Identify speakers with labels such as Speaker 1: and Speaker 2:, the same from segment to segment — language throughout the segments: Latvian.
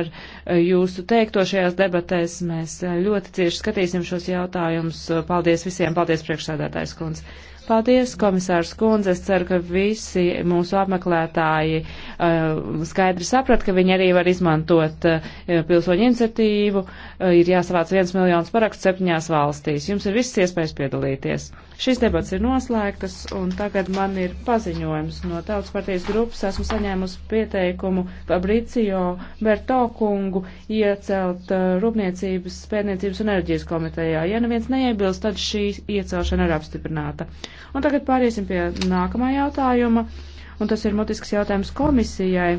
Speaker 1: ar eh, jūsu teikto šajās debatēs. Mēs eh, ļoti cieši skatīsim šos jautājumus. Paldies visiem, paldies priekšsēdētājs kundze. Paldies, komisārs kundze. Es ceru, ka visi mūsu apmeklētāji uh, skaidri saprat, ka viņi arī var izmantot uh, pilsoņu iniciatīvu. Uh, ir jāsavāc viens miljons parakstu septiņās valstīs. Jums ir viss iespējas piedalīties. Šis debats ir noslēgtas, un tagad man ir paziņojums no Tautas partijas grupas. Esmu saņēmusi pieteikumu Fabricio Berto kungu iecelt uh, Rūpniecības, Pētniecības un enerģijas komitejā. Ja neviens neiebilst, tad šī iecelšana ir apstiprināta. Un tagad pāriesim pie nākamā jautājuma, un tas ir motisks jautājums komisijai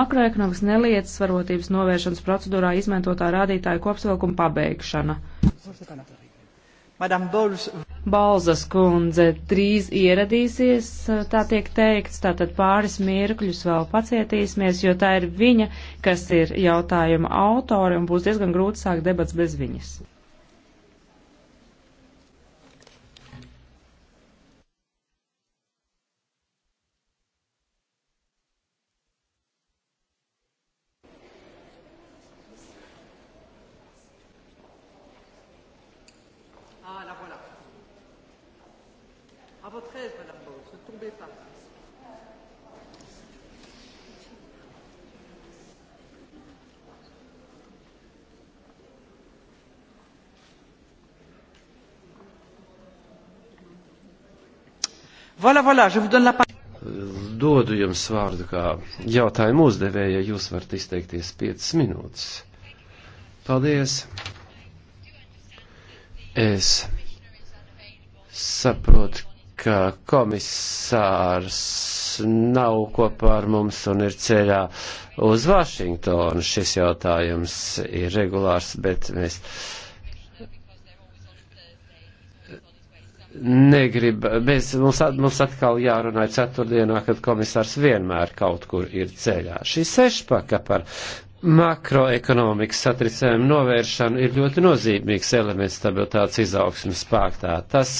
Speaker 1: makroekonomikas neliecasvarotības novēršanas procedūrā izmantotā rādītāja kopsvilkuma pabeigšana. Bols... Balzas kundze drīz ieradīsies, eh, tā tiek teikts, tātad pāris mirkļus vēl pacietīsimies, jo tā ir viņa, kas ir jautājuma autore un būs diezgan grūti sākt debats bez viņas.
Speaker 2: Voilà, voilà, je vous donne la parole. Dodu jums vārdu kā jautājumu uzdevēja, jūs varat izteikties 5 minūtes. Paldies. Es saprotu, ka komisārs nav kopā ar mums un ir ceļā uz Vašingtonu. Šis jautājums ir regulārs, bet mēs. Uh, negrib, bez, mums, mums atkal jārunā ceturtdienā, kad komisārs vienmēr kaut kur ir ceļā. Šī sešpaka par makroekonomikas satricējumu novēršanu ir ļoti nozīmīgs elements stabilitātes izaugsmas spēktā. Tas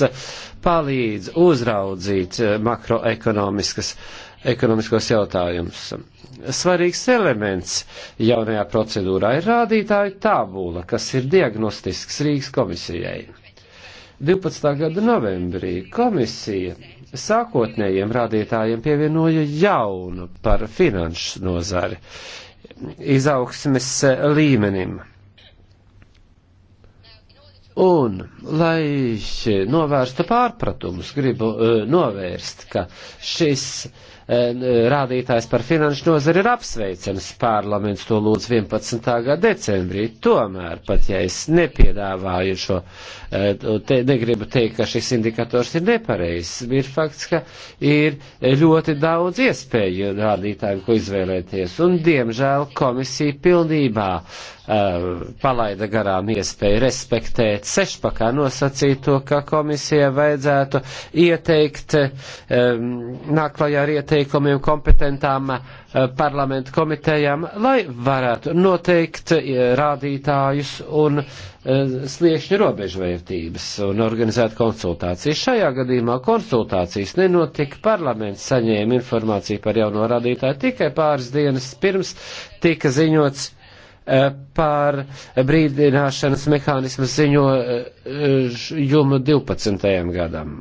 Speaker 2: palīdz uzraudzīt makroekonomiskas ekonomiskos jautājumus. Svarīgs elements jaunajā procedūrā ir rādītāju tabula, kas ir diagnostisks Rīgas komisijai 12. gada novembrī komisija sākotnējiem rādītājiem pievienoja jaunu par finanšu nozari izaugsmes līmenim. Un, lai novērstu pārpratumus, gribu uh, novērst, ka šis uh, Eh, eh, rādītājs par finanšu nozari ir apsveicams. Parlaments to lūdz 11. decembrī. Tomēr, pat ja es nepiedāvāju šo, eh, te, negribu teikt, ka šis indikators ir nepareizs, ir fakts, ka ir ļoti daudz iespēju rādītājiem, ko izvēlēties. Un, diemžēl, komisija pilnībā uh, Eh, palaida garām iespēju respektēt sešpakā nosacīto, ka komisija vajadzētu ieteikt, eh, nāklājā ar ieteikumiem kompetentām eh, parlamentu komitejām, lai varētu noteikt rādītājus un sliekšņu robežvērtības un organizēt konsultācijas. Šajā gadījumā konsultācijas nenotika, parlaments saņēma informāciju par jauno radītāju tikai pāris dienas pirms tika ziņots Eh, par brīdināšanas mehānismu ziņojumu 12. gadam.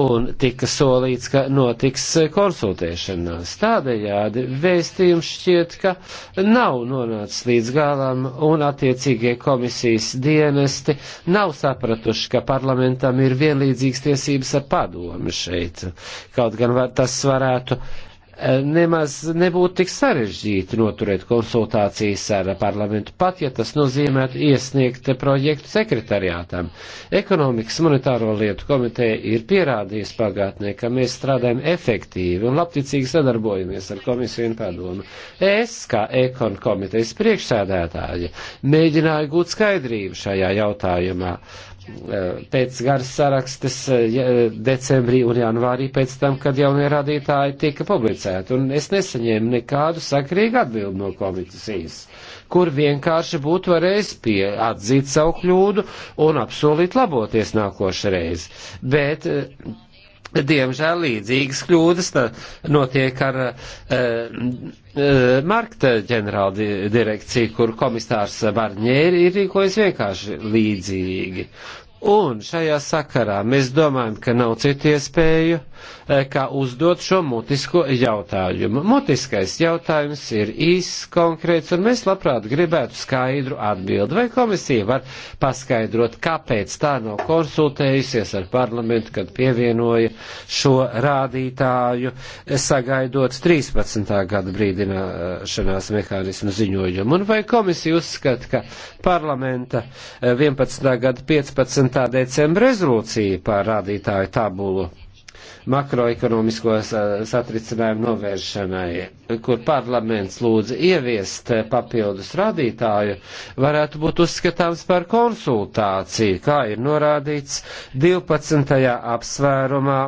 Speaker 2: Un tika solīts, ka notiks konsultēšanās. Tādējādi vēstījums šķiet, ka nav nonācis līdz galam, un attiecīgie komisijas dienesti nav sapratuši, ka parlamentam ir vienlīdzīgas tiesības ar padomi šeit. Kaut gan var, tas varētu uh, nemaz nebūtu tik sarežģīti noturēt konsultācijas ar parlamentu, pat ja tas nozīmētu iesniegt projektu sekretariātam. Ekonomikas monetāro lietu komiteja ir pierādījusi pagātnē, ka mēs strādājam efektīvi un labticīgi sadarbojamies ar komisiju un padomu. Es, kā ekon komitejas priekšsēdētāja, mēģināju gūt skaidrību šajā jautājumā. Eh, pēc garas sarakstes eh, eh, decembrī un janvārī pēc tam, kad jaunie radītāji tika publicēti. Un es nesaņēmu nekādu sakrīgu atbildi no komisijas, kur vienkārši būtu varējis pie atzīt savu kļūdu un apsolīt laboties nākošreiz. Bet Diemžēl līdzīgas kļūdas notiek ar e, eh, e, eh, Markta ģenerāla direkciju, kur komisārs Barņēri ir rīkojas vienkārši līdzīgi. Un šajā sakarā mēs domājam, ka nav citu iespēju. E, E, kā uzdot šo mutisko jautājumu. Mutiskais jautājums ir īss, konkrēts, un mēs labprāt gribētu skaidru atbildi. Vai komisija var paskaidrot, kāpēc tā nav konsultējusies ar parlamentu, kad pievienoja šo rādītāju, sagaidot 13. gada brīdināšanās mehānismu ziņojumu? Un vai komisija uzskata, ka parlamenta 11. gada 15. decembra rezolūcija par rādītāju tabulu makroekonomisko satricinājumu novēršanai kur parlaments lūdza ieviest papildus rādītāju, varētu būt uzskatāms par konsultāciju, kā ir norādīts 12. apsvērumā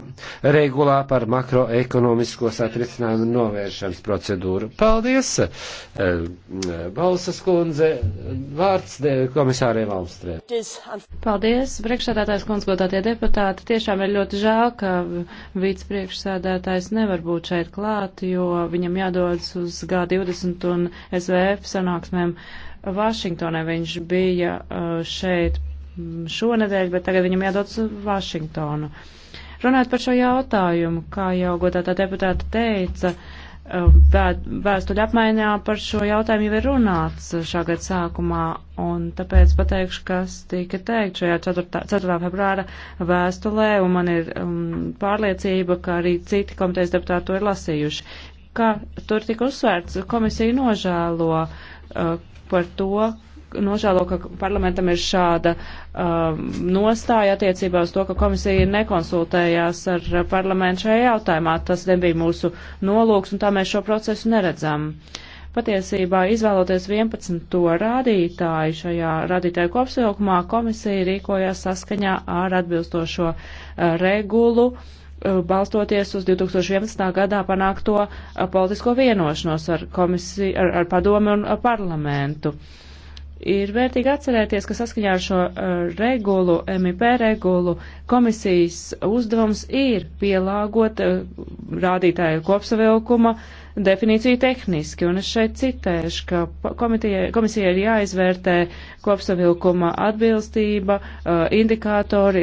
Speaker 2: regulā par makroekonomisko satricinājumu novēršanas procedūru. Paldies, eh, Balsas kundze, vārds komisārē Valmstrē.
Speaker 1: Paldies, priekšsēdētājs kundze, godātie deputāti. Tiešām ir ļoti žēl, ka vicepriekšsēdētājs nevar būt šeit klāt, jo viņam jā jādodas uz G20 un SVF sanāksmēm Vašingtonē. Viņš bija uh, šeit šonedēļ, bet tagad viņam jādodas uz Vašingtonu. Runājot par šo jautājumu, kā jau godātā deputāta teica, uh, vēstuļu apmaiņā par šo jautājumu jau ir runāts šā gada sākumā, un tāpēc pateikšu, kas tika teikt šajā 4. 4. februāra vēstulē, un man ir um, pārliecība, ka arī citi komitejas deputāti to ir lasījuši kā tur tika uzsvērts, komisija nožēlo uh, par to, nožēlo, ka parlamentam ir šāda um, nostāja attiecībā uz to, ka komisija nekonsultējās ar parlamentu šajā jautājumā. Tas nebija mūsu nolūks, un tā mēs šo procesu neredzam. Patiesībā, izvēloties 11. rādītāju šajā rādītāju kopsavilkumā, komisija rīkojās saskaņā ar atbilstošo uh, regulu. Uh, Eh, balstoties uz 2011. gadā panākto eh, politisko vienošanos ar, komisiju, ar, ar padomi un ar eh, parlamentu. Ir vērtīgi atcerēties, ka saskaņā ar šo regulu, MIP regulu, komisijas uzdevums ir pielāgot rādītāju kopsavilkuma uh, definīciju tehniski, un es šeit citēšu, ka komisija ir jāizvērtē kopsavilkuma atbilstība, indikātori,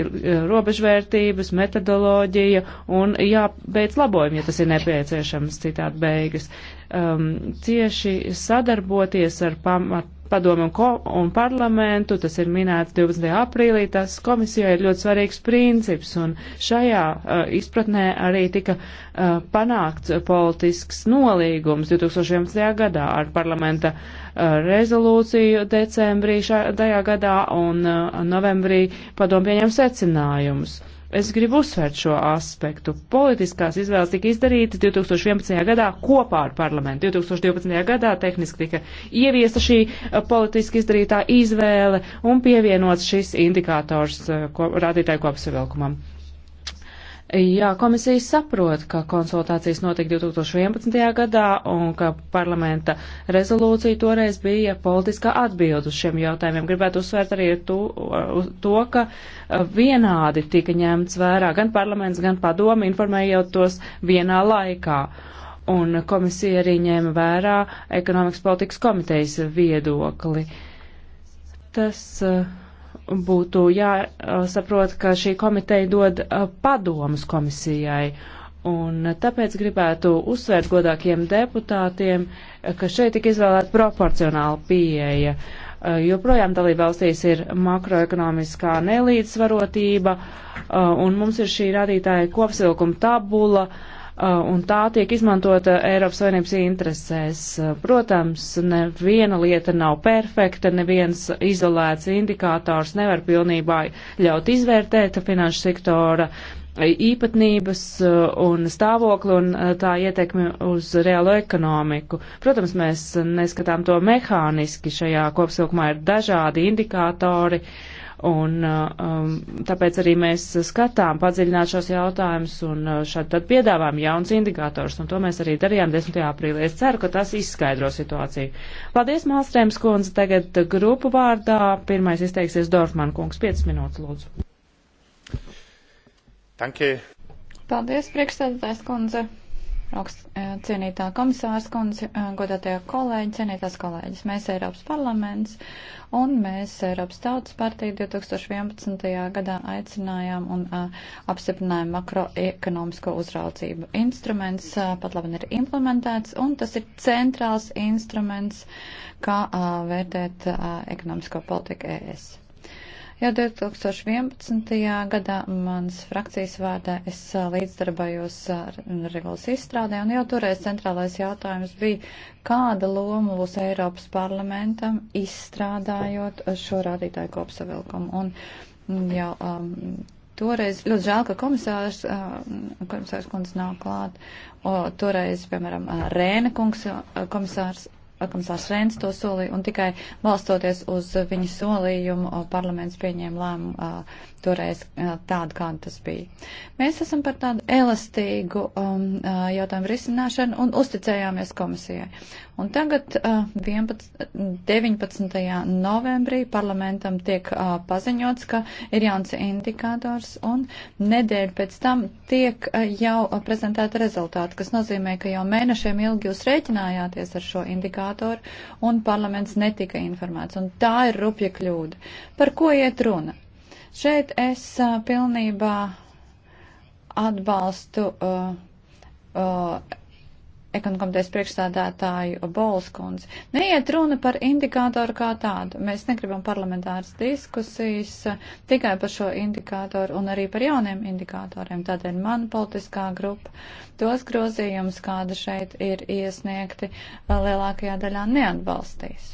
Speaker 1: robežvērtības, metodoloģija un jābeidz labojumi, ja tas ir nepieciešams, citādi beigas. Um, cieši sadarboties ar pamat padomu un, un parlamentu, tas ir minēts 12. aprīlī, tas komisijai ir ļoti svarīgs princips, un šajā uh, izpratnē arī tika uh, panākts politisks nolīgums 2011. gadā ar parlamenta uh, rezolūciju decembrī šajā gadā, un uh, novembrī padomu pieņem secinājumus. Uh, Es gribu uzsvērt šo aspektu. Politiskās izvēles tika izdarītas 2011. gadā kopā ar parlamentu. 2012. gadā tehniski tika ieviesta šī eh, politiski izdarītā izvēle un pievienots šis indikators eh, ko, rādītāju kopsavilkumam. Jā, komisija saprot, ka konsultācijas notika 2011. gadā un ka parlamenta rezolūcija toreiz bija politiskā atbildu uz šiem jautājumiem. Gribētu uzsvērt arī to, to, ka uh, vienādi tika ņemts vērā gan parlaments, gan padomi, informējot tos vienā laikā un komisija arī ņēma vērā ekonomikas politikas komitejas viedokli. Tas uh, būtu jāsaprot, ka šī komiteja dod uh, padomus komisijai. Un tāpēc gribētu uzsvērt godākiem deputātiem, ka šeit tika izvēlēta proporcionāla pieeja. Uh, joprojām dalībvalstīs ir makroekonomiskā nelīdzsvarotība, uh, un mums ir šī radītāja kopsilkuma tabula, uh, Uh, un tā tiek izmantota Eiropas Savienības interesēs. Uh, protams, neviena lieta nav perfekta, neviens izolēts indikators nevar pilnībā ļaut izvērtēt finanšu sektora īpatnības uh, un stāvokli un tā ietekmi uz reālo ekonomiku. Protams, mēs neskatām to mehāniski, šajā kopsilkumā ir dažādi indikātori. Uh, Un uh, um, tāpēc arī mēs skatām padziļināt šos jautājumus un uh, šādi tad piedāvājam jauns indikators, un to mēs arī darījām 10. aprīlī. Es ceru, ka tas izskaidro situāciju. Paldies, Mālstrēms kundze, tagad grupu vārdā. Pirmais izteiksies Dorfman kungs, 5 minūtes lūdzu. Danke.
Speaker 3: Paldies, priekšstādātājs kundze. Augst, e, cienītā komisārs kundze, e, godātie kolēģi, cienītās kolēģis, mēs Eiropas parlaments un mēs Eiropas tautas partija 2011. gadā aicinājām un a, e, apstiprinājām makroekonomisko uzraudzību. Instruments a, pat labi ir implementēts un tas ir centrāls instruments, kā a, vērtēt a, ekonomisko politiku ES. Jau 2011. gadā mans frakcijas vārdā es līdzdarbājos regulas izstrādē, un jau toreiz centrālais jautājums bija, kāda loma būs Eiropas parlamentam izstrādājot šo rādītāju kopsavilkumu. Un jau um, toreiz ļoti žēl, ka komisārs, komisārs kundze nav klāt. O, toreiz, piemēram, Rēna kungs, komisārs komisārs Rēns to solīja, un tikai balstoties uz viņa solījumu parlaments pieņēma lēmumu toreiz tādu, kāda tas bija. Mēs esam par tādu elastīgu um, jautājumu risināšanu un uzticējāmies komisijai. Un tagad 11, 19. novembrī parlamentam tiek paziņots, ka ir jauns indikators un nedēļu pēc tam tiek jau prezentēta rezultāti, kas nozīmē, ka jau mēnešiem ilgi jūs rēķinājāties ar šo indikātoru un parlaments netika informēts. Un tā ir rupja kļūda. Par ko iet runa? Šeit es pilnībā atbalstu. Uh, uh, ekonomikas priekšstādātāju Bolskundzi. Neiet runa par indikātoru kā tādu. Mēs negribam parlamentāras diskusijas tikai par šo indikātoru un arī par jauniem indikātoriem. Tādēļ mana politiskā grupa tos grozījumus, kāda šeit ir iesniegti, lielākajā daļā neatbalstīs.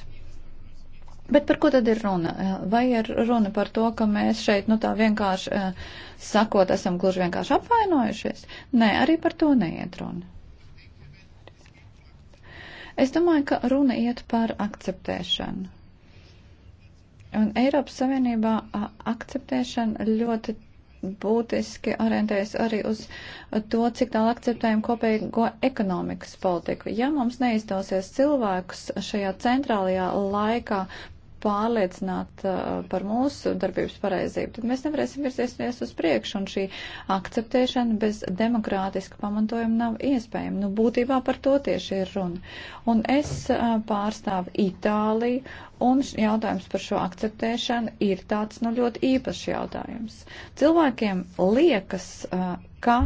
Speaker 3: Bet par ko tad ir runa? Vai ir runa par to, ka mēs šeit, nu tā vienkārši eh, sakot, esam gluži vienkārši apvainojušies? Nē, arī par to neiet runa. Es domāju, ka runa iet par akceptēšanu. Un Eiropas Savienībā akceptēšana ļoti būtiski orientējas arī uz to, cik tālu akceptējam kopējo ekonomikas politiku. Ja mums neizdosies cilvēkus šajā centrālajā laikā pārliecināt uh, par mūsu darbības pareizību, tad mēs nevarēsim virziesties uz priekšu, un šī akceptēšana bez demokrātiska pamatojuma nav iespējama. Nu, būtībā par to tieši ir runa. Un es uh, pārstāvu Itāliju, un jautājums par šo akceptēšanu ir tāds, nu, ļoti īpašs jautājums. Cilvēkiem liekas, uh, ka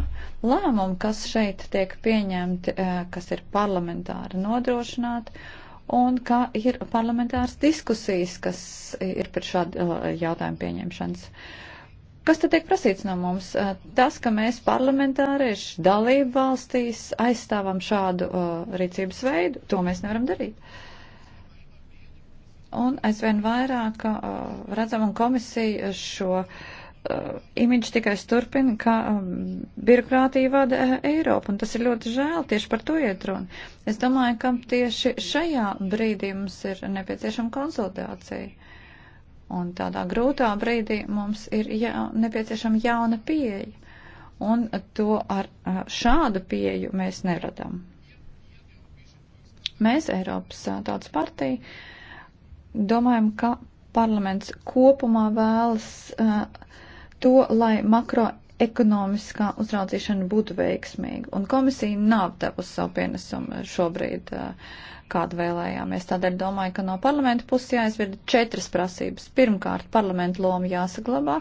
Speaker 3: lēmumi, kas šeit tiek pieņemti, kas ir parlamentāri nodrošināti, un ka ir parlamentārs diskusijas, kas ir par šādu uh, jautājumu pieņemšanas. Kas tad tiek prasīts no mums? Uh, tas, ka mēs parlamentārieši dalību valstīs aizstāvam šādu uh, rīcības veidu, to mēs nevaram darīt. Un aizvien vairāk uh, redzam, un komisija šo uh, uh, imidžs tikai turpina, ka um, birokrātija vada uh, Eiropu, un tas ir ļoti žēl, tieši par to iet runa. Es domāju, ka tieši šajā brīdī mums ir nepieciešama konsultācija, un tādā grūtā brīdī mums ir ja, nepieciešama jauna pieeja, un to ar uh, šādu pieeju mēs neradam. Mēs, Eiropas uh, tautas partija, domājam, ka parlaments kopumā vēlas uh, to, lai makroekonomiskā uzraudzīšana būtu veiksmīga. Un komisija nav devusi savu pienesumu šobrīd, eh, kādu vēlējāmies. Tādēļ domāju, ka no parlamenta puses jāizvirda četras prasības. Pirmkārt, parlamenta loma jāsaglabā.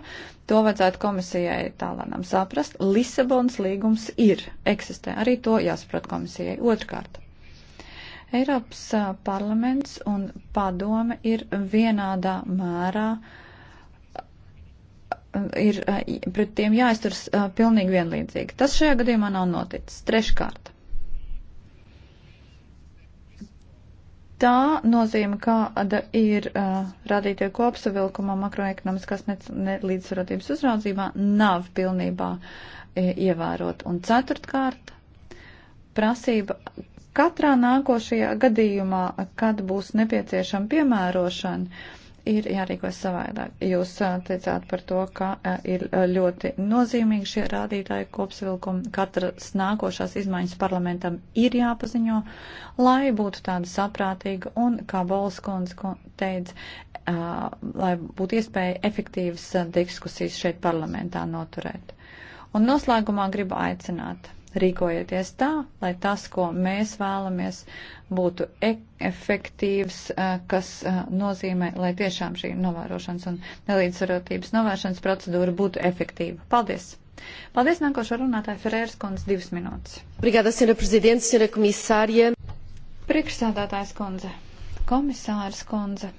Speaker 3: To vajadzētu komisijai tālēnām saprast. Lisabons līgums ir, eksistē. Arī to jāsaprot komisijai. Otrkārt. Eiropas eh, parlaments un padome ir vienādā mērā uh, ir eh, pret tiem jāizturas eh, pilnīgi vienlīdzīgi. Tas šajā gadījumā nav noticis. Treškārt. Tā nozīme, kāda ir uh, radītie kopsavilkumā makroekonomiskās nelīdzsvarotības uzraudzībā, nav pilnībā uh, ievērot. Un ceturtkārt, prasība katrā nākošajā gadījumā, kad būs nepieciešama piemērošana, uh, ir jārīkojas savādāk. Jūs teicāt par to, ka ir ļoti nozīmīgi šie rādītāji kopsavilkumi. Katras nākošās izmaiņas parlamentam ir jāpaziņo, lai būtu tāda saprātīga un, kā Bolskons teica, lai būtu iespēja efektīvas diskusijas šeit parlamentā noturēt. Un noslēgumā gribu aicināt Rīkojieties tā, lai tas, ko mēs vēlamies, būtu e efektīvs, e, kas e, nozīmē, lai tiešām šī novērošanas un nelīdzsvarotības novēršanas procedūra būtu efektīva. Paldies! Paldies, nākošo runātāju Ferēras kundze, divas minūtes. Brigāda, senra prezidents, senra komisārija. Priekšsādātājs kundze, komisārs kundze,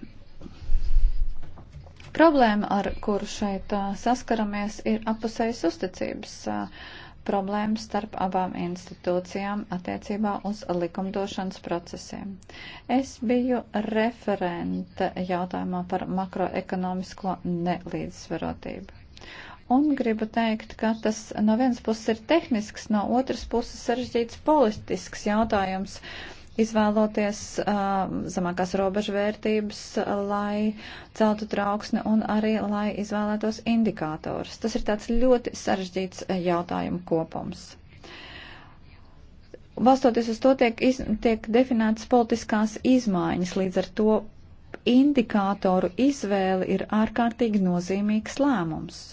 Speaker 3: problēma, ar kuru šeit e, saskaramies, ir apusējas uzticības problēmas starp abām institūcijām attiecībā uz likumdošanas procesiem. Es biju referente jautājumā par makroekonomisko nelīdzsvarotību. Un gribu teikt, ka tas no vienas puses ir tehnisks, no otras puses sarežģīts politisks jautājums. Uh, izvēloties uh, zemākās robežvērtības, lai celtu trauksni un arī, lai izvēlētos indikātors. Tas ir tāds ļoti sarežģīts jautājumu kopums. Valstoties uz to tiek, iz, tiek definētas politiskās izmaiņas, līdz ar to indikātoru izvēle ir ārkārtīgi nozīmīgs lēmums.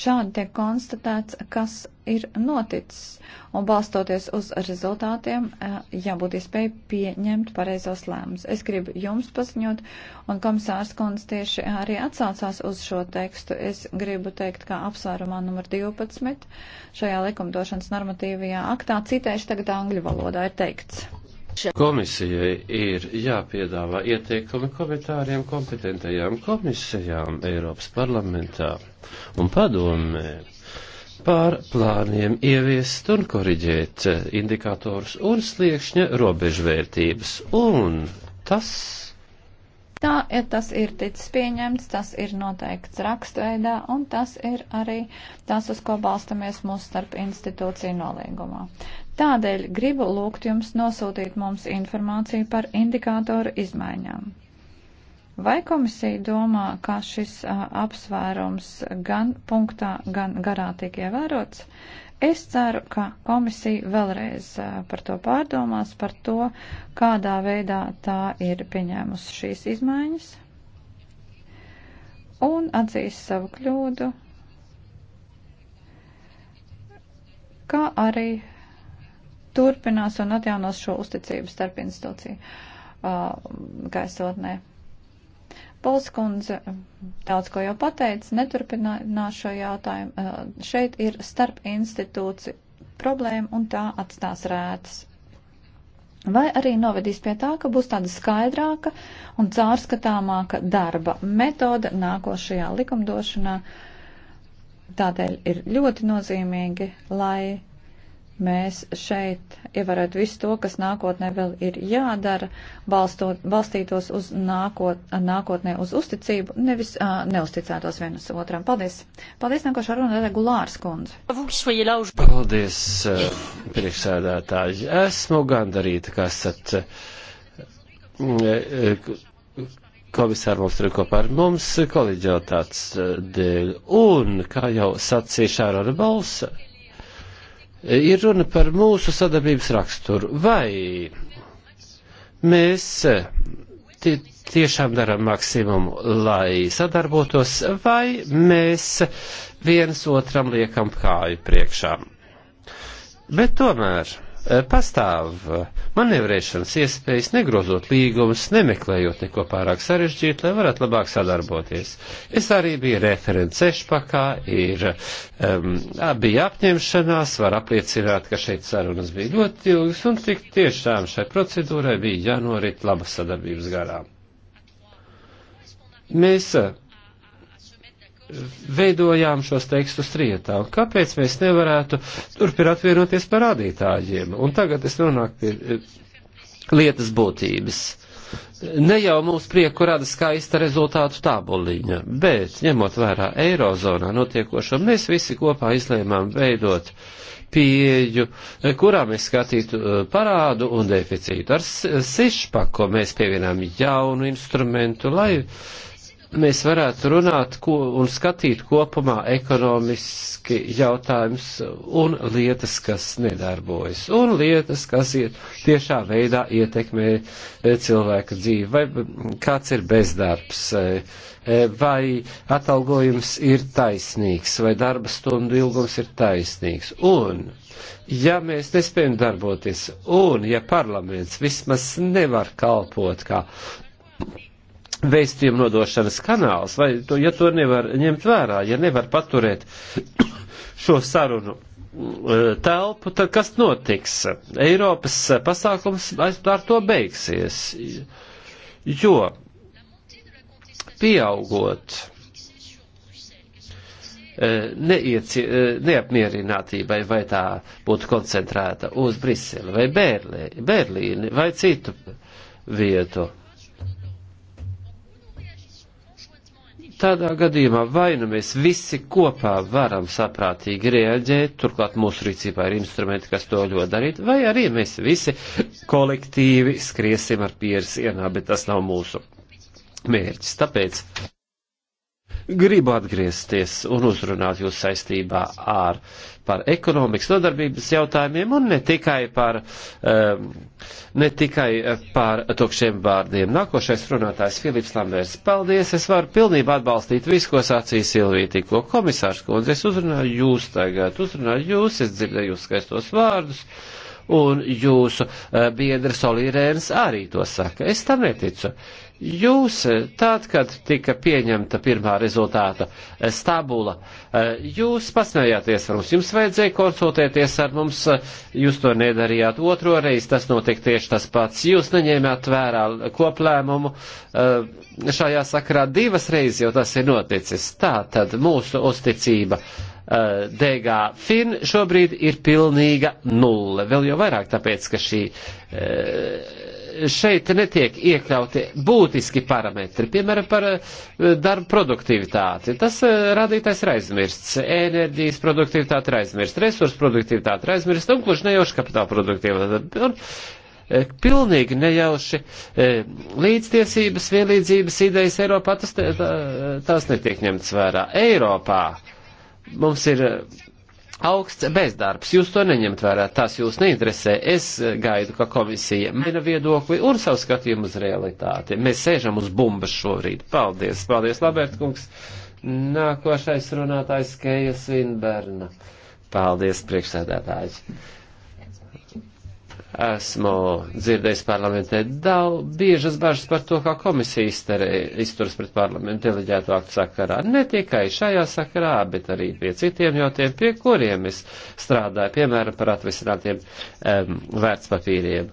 Speaker 3: Šādi tiek konstatēts, kas ir noticis, un balstoties uz rezultātiem, e, jābūt iespēja pieņemt pareizos lēmumus. Es gribu jums paziņot, un komisārs Kons tieši arī atsaucās uz šo tekstu. Es gribu teikt, kā apsvērumā numur 12 šajā likumdošanas normatīvajā aktā, citēšu tagad angļu valodā, ir teikts.
Speaker 2: Komisijai ir jāpiedāvā ieteikumi komitāriem kompetentajām komisijām Eiropas parlamentā un padomē pār plāniem ieviest un koriģēt indikatorus un sliekšņa robežvērtības. Un tas
Speaker 3: Tā, ja tas ir ticis pieņemts, tas ir noteikts rakstveidā, un tas ir arī tas, uz ko balstamies mūsu starp institūciju nolīgumā. Tādēļ gribu lūgt jums nosūtīt mums informāciju par indikātoru izmaiņām. Vai komisija domā, ka šis a, apsvērums gan punktā, gan garā tiek ievērots? Es ceru, ka komisija vēlreiz par to pārdomās, par to, kādā veidā tā ir pieņēmusi šīs izmaiņas un atzīs savu kļūdu, kā arī turpinās un atjaunos šo uzticību starp institūciju uh, gaisotnē. Polskundze eh, daudz ko jau pateica, neturpinās šo jautājumu. Eh, šeit ir starp institūciju problēma un tā atstās rētas. Vai arī novedīs pie tā, ka būs tāda skaidrāka un caurskatāmāka darba metode nākošajā likumdošanā. Tādēļ ir ļoti nozīmīgi, lai mēs šeit ievarētu visu to, kas nākotnē vēl ir jādara, balstot, balstītos uz nākot, nākotnē uz uzticību, nevis uh, neusticētos vienus otram. Paldies! Paldies, nākošā runa regulārs kundze.
Speaker 1: Paldies,
Speaker 2: priekšsēdētāji. Esmu gandarīta, ka esat komisāru mums tur kopā ar mums, koleģiotāts dēļ. Un, kā jau sacīja Šārona Balsa, ir runa par mūsu sadarbības raksturu. Vai mēs eh, tie, tiešām darām maksimumu, lai sadarbotos, vai mēs viens otram liekam kāju priekšā? Bet tomēr Eh, pastāv eh, manevrēšanas iespējas, negrozot līgumus, nemeklējot neko pārāk sarežģītu, lai varētu labāk sadarboties. Es arī biju referents ešpakā, ir, um, bija apņemšanās, var apliecināt, ka šeit sarunas bija ļoti ilgas, un tik tiešām šai procedūrai bija jānorit laba sadarbības garām. Mēs eh, veidojām šos tekstus rietā, un kāpēc mēs nevarētu turpināt vienoties par rādītājiem. Un tagad es nonāku pie eh, lietas būtības. Ne jau mums prieku rada skaista rezultātu tabuliņa, bet, ņemot vērā Eirozonā notiekošo, mēs visi kopā izlēmām veidot pieju, kurā mēs skatītu eh, parādu un deficītu. Ar sešpako mēs pievienām jaunu instrumentu, lai uh, mēs varētu runāt ko, un skatīt kopumā ekonomiski jautājums un lietas, kas nedarbojas, un lietas, kas iet, tiešā veidā ietekmē e, cilvēka dzīvi, vai kāds ir bezdarbs, e, e, vai atalgojums ir taisnīgs, vai darba stundu ilgums ir taisnīgs. Un, ja mēs nespējam darboties, un ja parlaments vismaz nevar kalpot kā vēstījumu nodošanas kanāls, vai to, ja to nevar ņemt vērā, ja nevar paturēt šo sarunu uh, telpu, tad kas notiks? Eiropas pasākums ar to beigsies, jo pieaugot uh, neieci, uh, neapmierinātībai, vai tā būtu koncentrēta uz Briseli vai Bērlī, Berlīni vai citu vietu. Tādā gadījumā vai nu mēs visi kopā varam saprātīgi rēģēt, turklāt mūsu rīcībā ir instrumenti, kas to ļoti darīt, vai arī mēs visi kolektīvi skriesim ar piersienā, bet tas nav mūsu mērķis. Tāpēc gribu atgriezties un uzrunāt jūs saistībā ar par ekonomikas nodarbības jautājumiem un ne tikai par, um, ne tikai eh, par tukšiem vārdiem. Nākošais runātājs Filips Lamberts. Paldies, es varu pilnībā atbalstīt visu, ko sacīja Silvija tikko. Komisārs Kundze, es uzrunāju jūs tagad, uzrunāju jūs, es dzirdēju jūs skaistos vārdus un jūsu eh, biedra Solīrēns arī to saka. Es tam neticu. Jūs, tad, kad tika pieņemta pirmā rezultāta stabula, jūs pasmējāties ar mums, jums vajadzēja konsultēties ar mums, jūs to nedarījāt otro reizi, tas notika tieši tas pats, jūs neņēmāt vērā koplēmumu eh, šajā sakarā divas reizes, jo tas ir noticis. Tā tad mūsu uzticība eh, DG Fin šobrīd ir pilnīga nulle, vēl jau vairāk tāpēc, ka šī eh, šeit netiek iekļauti būtiski parametri, piemēram, par eh, darba produktivitāti. Tas eh, rādītājs ir aizmirsts, enerģijas produktivitāte ir aizmirsts, resursu produktivitāte ir aizmirsts, un kluži nejauši kapitāla produktivitāte. Un, eh, Pilnīgi nejauši līdztiesības, vienlīdzības idejas Eiropā tas, tās netiek ņemts vērā. Eiropā mums ir augsts bezdarbs. Jūs to neņemt vērā, tas jūs neinteresē. Es gaidu, ka komisija maina viedokli un savu skatījumu uz realitāti. Mēs sēžam uz bumbas šorīt. Paldies, paldies, Labert kungs. Nākošais runātājs Keja Svinberna. Paldies, priekšsēdētājs. Esmu dzirdējis parlamentē daudz biežas bažas par to, kā komisija izturas pret parlamentu deleģētu aktu sakarā. Ne tikai šajā sakarā, bet arī pie citiem jautājumiem, pie kuriem es strādāju, piemēram, par atvisinātiem um, vērtspapīriem.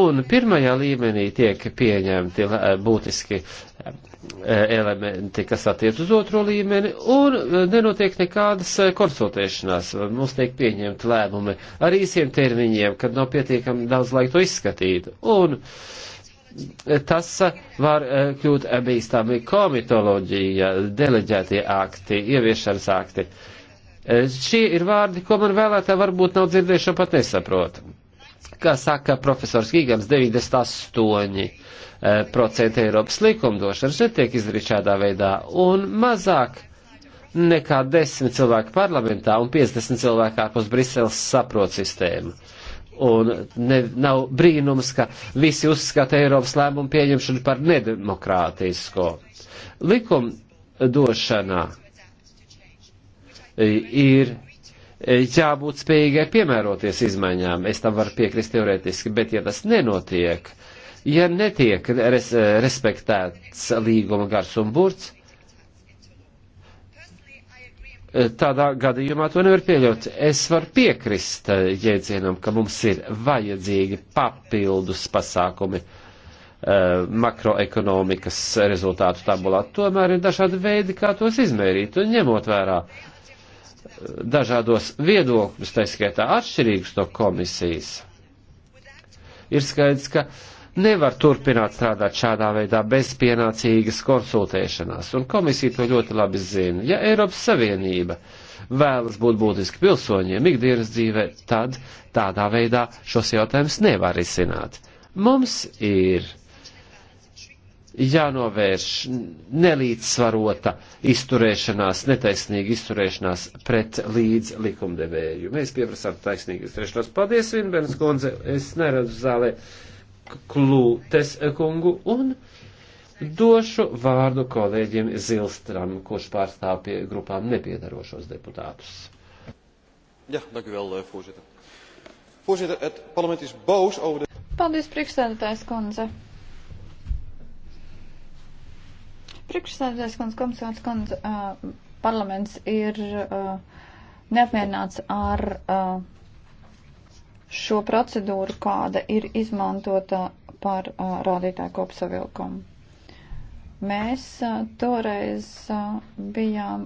Speaker 2: Un pirmajā līmenī tiek pieņemti būtiski um, E, elementi, kas attiec uz otro līmeni, un e, nenotiek nekādas e, konsultēšanās. Mums tiek pieņemt lēmumi ar īsiem termiņiem, kad nav pietiekami daudz laika to izskatīt. Un tas var kļūt bīstami komitoloģija, deleģētie akti, ieviešanas akti. Šie ir vārdi, ko man vēlētā varbūt nav dzirdējuši un pat nesaprotam kā saka profesors Gigams, 98 eh, procenti Eiropas likumdošanas netiek izdarīt šādā veidā, un mazāk nekā 10 cilvēki parlamentā un 50 cilvēki ārpus Briseles saprot sistēmu. Un ne, nav brīnums, ka visi uzskata Eiropas lēmumu pieņemšanu par nedemokrātisko. Likumdošanā ir jābūt spējīgai piemēroties izmaiņām. Es tam varu piekrist teorētiski, bet ja tas nenotiek, ja netiek res, respektēts līguma gars un burts, tādā gadījumā to nevar pieļaut. Es varu piekrist jēdzienam, ka mums ir vajadzīgi papildus pasākumi eh, makroekonomikas rezultātu tabulā. Tomēr ir dažādi veidi, kā tos izmērīt un ņemot vērā uh, dažādos viedokļus, tā skaitā atšķirīgus no komisijas. Ir skaidrs, ka nevar turpināt strādāt šādā veidā bez pienācīgas konsultēšanās, un komisija to ļoti labi zina. Ja Eiropas Savienība vēlas būt būtiski pilsoņiem ikdienas dzīvē, tad tādā veidā šos jautājumus nevar risināt. Mums ir jānovērš nelīdzsvarota izturēšanās, netaisnīga izturēšanās pret līdz likumdevēju. Mēs pieprasām taisnīgu izturēšanos. Paldies, Vinbērns kundze, es neredzu zālē klūtes kungu un došu vārdu kolēģiem Zilstram, kurš pārstāv pie grupām nepiedarošos deputātus. Ja, dank u wel, eh, voorzitter. Voorzitter, het parlement is boos over de... Paldies,
Speaker 3: priekšsēdētājs kundze. Priekšsēdētājs kundze, komisārs kundze, uh, parlaments ir uh, neapmierināts ar uh, šo procedūru, kāda ir izmantota par uh, rādītāju kopsavilkumu. Mēs toreiz bijām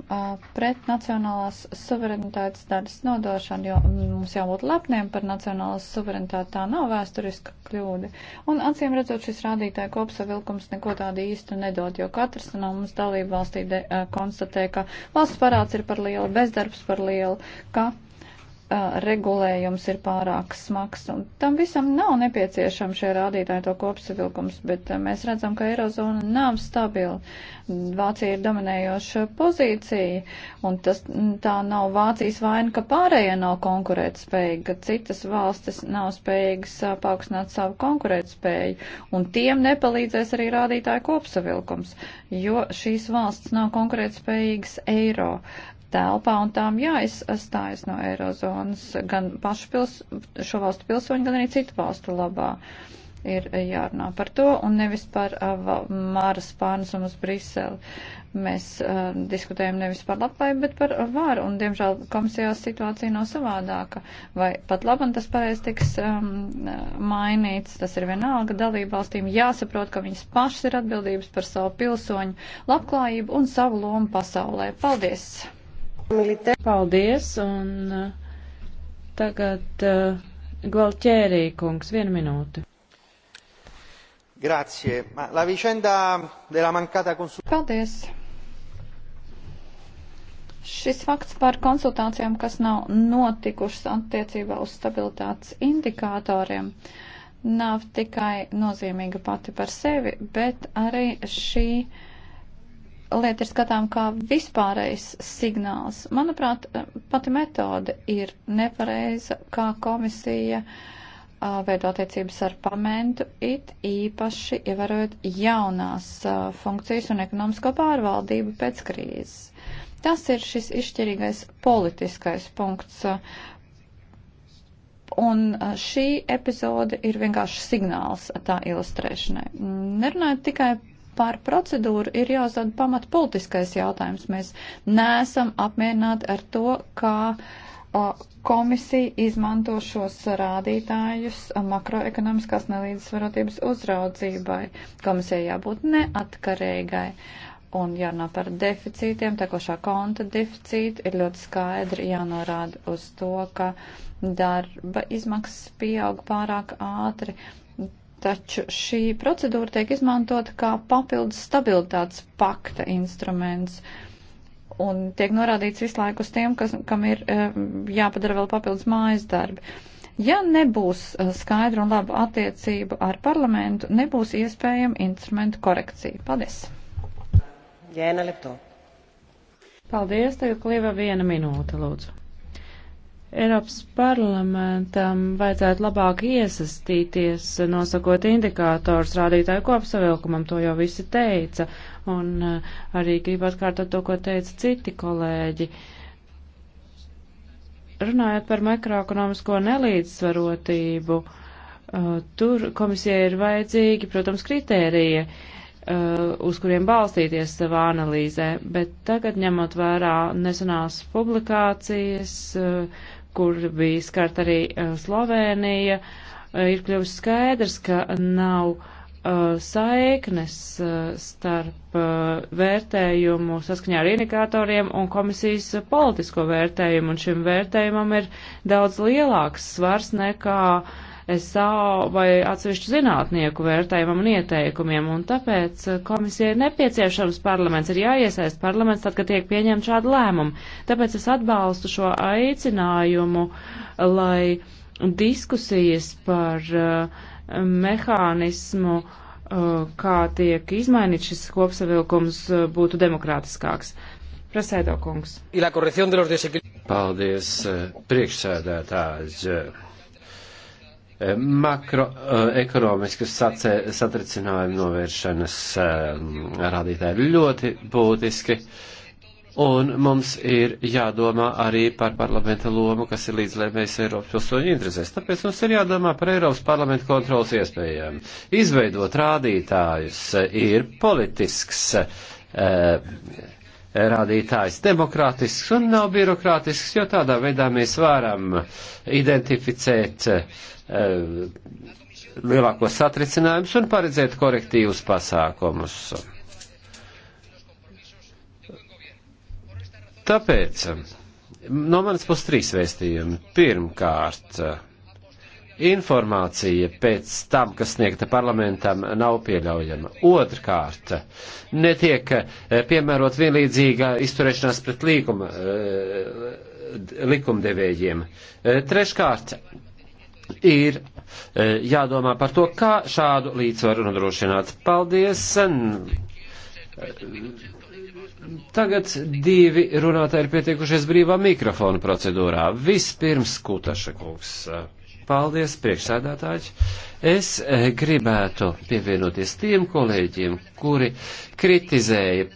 Speaker 3: pret nacionālās suverenitātes daļas nodošanu, jo mums jābūt lepniem par nacionālās suverenitāti, tā nav vēsturiska kļūda. Un acīm redzot, šis rādītāja kopsavilkums neko tādu īstu nedod, jo katrs no mums dalību valstī de, konstatē, ka valsts parāds ir par lielu, bezdarbs par lielu, ka regulējums ir pārāk smags, un tam visam nav nepieciešama šie rādītāji to kopsavilkums, bet mēs redzam, ka Eirozona nav stabila. Vācija ir dominējoša pozīcija, un tas, tā nav Vācijas vaina, ka pārējie nav konkurētspējīgi, ka citas valstis nav spējīgas paaugstināt savu konkurētspēju, un tiem nepalīdzēs arī rādītāju kopsavilkums, jo šīs valsts nav konkurētspējīgas eiro telpā, un tām jāizstājas no Eirozonas gan pašu pils, šo valstu pilsoņu, gan arī citu valstu labā. Ir jārunā par to, un nevis par uh, Māra Spānas un uz Briseli. Mēs uh, diskutējam nevis par labklājību, bet par varu, un diemžēl komisijās situācija nav savādāka. Vai pat labam tas pareiz tiks um, mainīts, tas ir vienalga dalība valstīm jāsaprot, ka viņas pašas ir atbildības par savu pilsoņu labklājību un savu lomu pasaulē. Paldies!
Speaker 1: Paldies, un uh, tagad uh, Gualtjērī kungs, vienu minūti. Grazie. Ma la vicenda della mancata consultazione. Paldies.
Speaker 3: Šis fakts par konsultācijām, kas nav notikušas attiecībā uz stabilitātes indikātoriem, nav tikai nozīmīga pati par sevi, bet arī šī lieta ir skatām kā vispārējais signāls. Manuprāt, pati metode ir nepareiza, kā komisija veido attiecības ar pamentu, it īpaši ievērojot jaunās funkcijas un ekonomisko pārvaldību pēc krīzes. Tas ir šis izšķirīgais politiskais punkts. Un šī epizode ir vienkārši signāls tā ilustrēšanai. Nerunājot tikai par procedūru ir jāuzdod pamat politiskais jautājums. Mēs neesam apmierināti ar to, kā komisija izmanto šos rādītājus makroekonomiskās nelīdzsvarotības uzraudzībai. Komisija jābūt neatkarīgai. Un jārunā par deficītiem, tekošā konta deficīti ir ļoti skaidri jānorāda uz to, ka darba izmaksas pieaug pārāk ātri Taču šī procedūra tiek izmantota kā papildus stabilitātes pakta instruments. Un tiek norādīts visu laiku uz tiem, kas, kam ir eh, jāpadara vēl papildus mājas darbi. Ja nebūs eh, skaidra un laba attiecība ar parlamentu, nebūs iespējama instrumentu korekcija. Paldies!
Speaker 1: Jēna Lepto. Paldies, tev, Klieva, viena minūte, lūdzu. Eiropas parlamentam vajadzētu labāk iesaistīties, nosakot indikātors rādītāju kopsavilkumam, to jau visi teica, un eh, arī gribu atkārtot to, ko teica citi kolēģi. Runājot par makroekonomisko nelīdzsvarotību, eh, tur komisijai ir vajadzīgi, protams, kritērija, eh, uz kuriem balstīties savā analīzē, bet tagad ņemot vērā nesenās publikācijas, kur bija skart arī eh, Slovēnija, eh, ir kļuvis skaidrs, ka nav eh, saiknes starp vērtējumu saskaņā ar indikatoriem un komisijas politisko vērtējumu, un šim vērtējumam ir daudz lielāks svars nekā uh, SAO vai atsevišķu zinātnieku vērtējumam un ieteikumiem, un tāpēc eh, komisija ir nepieciešams parlaments, ir jāiesaist parlaments tad, kad tiek pieņemt šādu lēmumu. Tāpēc es atbalstu šo aicinājumu, lai diskusijas par uh, mehānismu uh, kā tiek izmainīts šis kopsavilkums, būtu demokrātiskāks. Prasēdo kungs.
Speaker 2: Paldies, priekšsēdētājs makroekonomiskas satricinājumu novēršanas um, rādītāji ir ļoti būtiski. Un mums ir jādomā arī par parlamenta lomu, kas ir līdzlēmējis Eiropas pilsoņu interesēs. Tāpēc mums ir jādomā par Eiropas parlamenta kontrolas iespējām. Izveidot rādītājus ir politisks eh, rādītājs demokrātisks un nav birokrātisks, jo tādā veidā mēs varam identificēt eh, Eh, lielākos satricinājumus un paredzēt korektīvus pasākumus. Tāpēc no manas puses trīs vēstījumi. Pirmkārt, informācija pēc tam, kas sniegta parlamentam, nav pieļaujama. Otrkārt, netiek eh, piemērot vienlīdzīga izturēšanās pret līguma, eh, likumdevējiem. Treškārt, ir e, jādomā par to, kā šādu līdzsvaru nodrošināt. Paldies! Tagad divi runātāji ir pietiekušies brīvā mikrofona procedūrā. Vispirms Kutaša kungs. Paldies, priekšsēdētāji. Es eh, gribētu pievienoties tiem kolēģiem, kuri kritizēja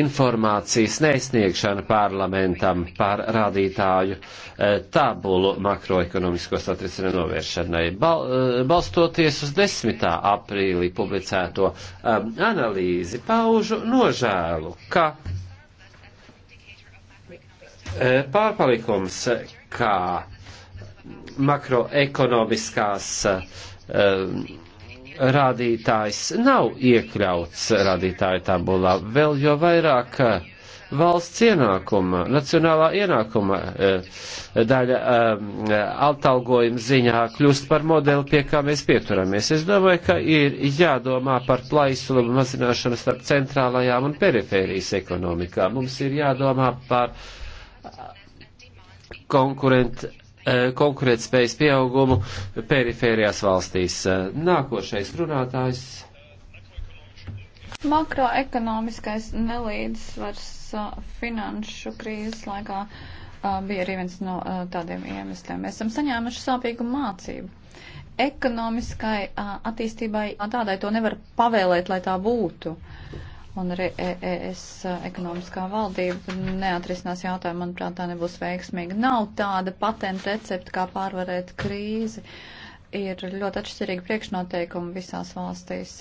Speaker 2: informācijas neizsniegšanu parlamentam par rādītāju eh, tabulu makroekonomisko satricina novēršanai. Bal, eh, balstoties uz 10. aprīlī publicēto um, analīzi, paužu nožēlu, ka pārpalikums, kā makroekonomiskās um, rādītājs nav iekļauts rādītāju tabulā, vēl jo vairāk eh, valsts ienākuma, nacionālā ienākuma eh, daļa atalgojuma ziņā kļūst par modeli, pie kā mēs pieturamies. Es domāju, ka ir jādomā par plaisu mazināšanu starp centrālajām un perifērijas ekonomikām. Mums ir jādomā par konkurent Eh, konkurētspējas pieaugumu perifērijās valstīs. Eh, nākošais runātājs.
Speaker 3: Makroekonomiskais nelīdzsvars eh, finanšu krīzes laikā bija arī viens no tādiem iemesliem. Mēs esam saņēmuši sāpīgu mācību. Ekonomiskai attīstībai tādai to nevar pavēlēt, lai tā būtu. Uh, un arī ES e uh, ekonomiskā valdība neatrisinās jautājumu, manuprāt, tā nebūs veiksmīga. Nav tāda patenta recepta, kā pārvarēt krīzi. Ir ļoti atšķirīgi priekšnoteikumi visās valstīs.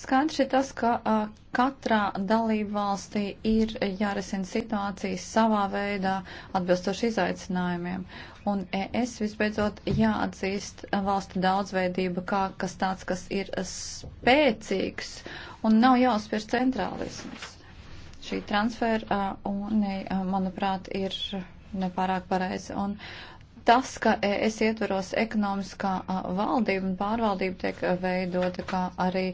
Speaker 3: Skaidrs ir tas, ka a, uh, katrā dalība valstī ir jārisina situācijas savā veidā atbilstoši izaicinājumiem. Un ES e visbeidzot jāatzīst valstu daudzveidība kā kas tāds, kas ir spēcīgs un nav jāuzspiež centrālisms. Šī transfēra unija, manuprāt, ir nepārāk pareiza. Un tas, ka es ietveros ekonomiskā valdība un pārvaldība tiek veidota, kā arī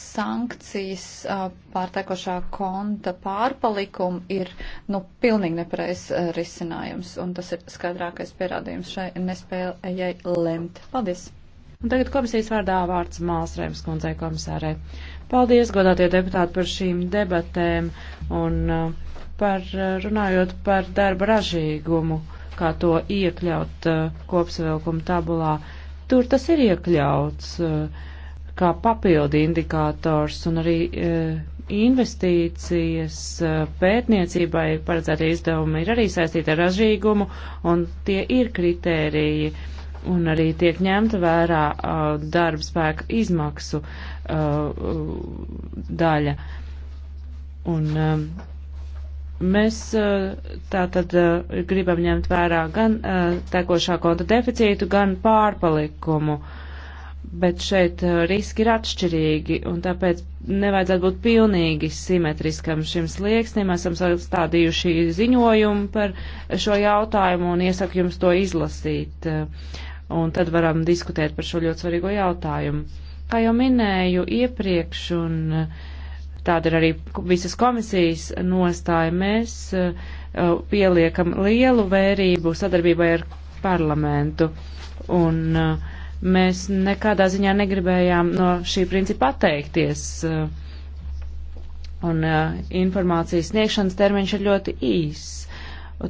Speaker 3: sankcijas pārtekošā konta pārpalikuma ir, nu, pilnīgi nepareiz risinājums. Un tas ir skaidrākais pierādījums šai nespējai lemt. Paldies!
Speaker 1: Un tagad komisijas vārdā vārds Mālsrēms kundzei komisārē. Paldies, godātie deputāti, par šīm debatēm un uh, par uh, runājot par darba ražīgumu, kā to iekļaut uh, kopsavilkuma tabulā. Tur tas ir iekļauts kā papildi indikators un arī investīcijas pētniecībai paredzētie izdevumi ir arī saistīti ar ražīgumu, un tie ir kritēriji un arī tiek ņemta vērā uh, darba spēka izmaksu uh, daļa. Un uh, mēs uh, tātad uh, gribam ņemt vērā gan uh, tekošā konta deficītu, gan pārpalikumu. Bet šeit uh, riski ir atšķirīgi, un tāpēc nevajadzētu būt pilnīgi simetriskam šim slieksnim. Esam stādījuši ziņojumu par šo jautājumu un iesaku jums to izlasīt. Uh, un tad varam diskutēt par šo ļoti svarīgo jautājumu. Kā jau minēju iepriekš, un eh, tāda ir arī visas komisijas nostāja, mēs eh, pieliekam lielu vērību sadarbībai ar parlamentu. Un eh, mēs nekādā ziņā negribējām no šī principa atteikties. Un informācijas sniegšanas termiņš ir ļoti īss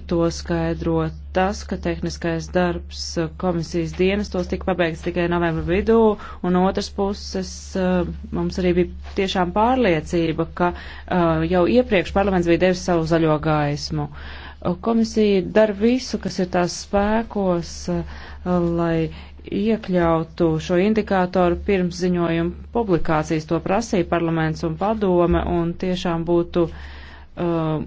Speaker 1: to skaidro tas, ka tehniskais darbs komisijas dienas tos tika pabeigts tikai novembra vidū, un otrs puses eh, mums arī bija tiešām pārliecība, ka eh, jau iepriekš parlaments bija devis savu zaļo gaismu. Eh, komisija dara visu, kas ir tās spēkos, lai iekļautu šo indikātoru pirms ziņojuma publikācijas. To prasīja parlaments un padome, un tiešām būtu uh, Uh,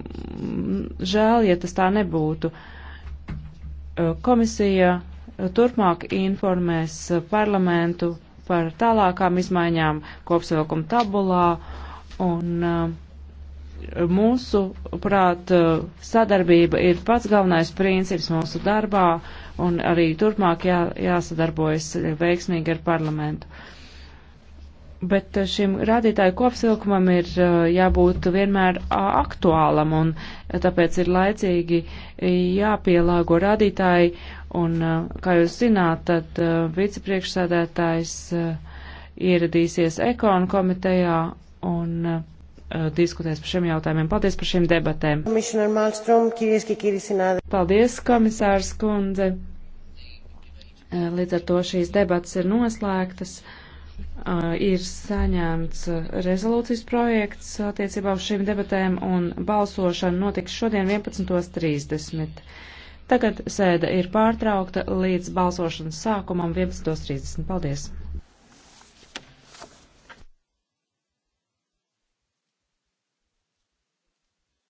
Speaker 1: žēl, ja tas tā nebūtu. Uh, komisija uh, turpmāk informēs uh, parlamentu par tālākām izmaiņām kopsavilkuma tabulā un uh, mūsu, prāt, uh, sadarbība ir pats galvenais princips mūsu darbā un arī turpmāk jā, jāsadarbojas veiksmīgi ar parlamentu. Bet eh, šim rādītāju kopsilkumam ir eh, jābūt vienmēr aktuālam, un eh, tāpēc ir laicīgi jāpielāgo rādītāji, un, kā jūs zināt, tad vicepriekšsēdētājs ieradīsies ekonu komitejā un diskutēs par šiem jautājumiem. Paldies par šīm debatēm. Paldies, komisārs kundze. Līdz ar to šīs debatas ir noslēgtas. Uh, ir saņemts rezolūcijas projekts attiecībā uz šīm debatēm un balsošana notiks šodien 11.30. Tagad sēde ir pārtraukta līdz balsošanas sākumam 11.30. Paldies!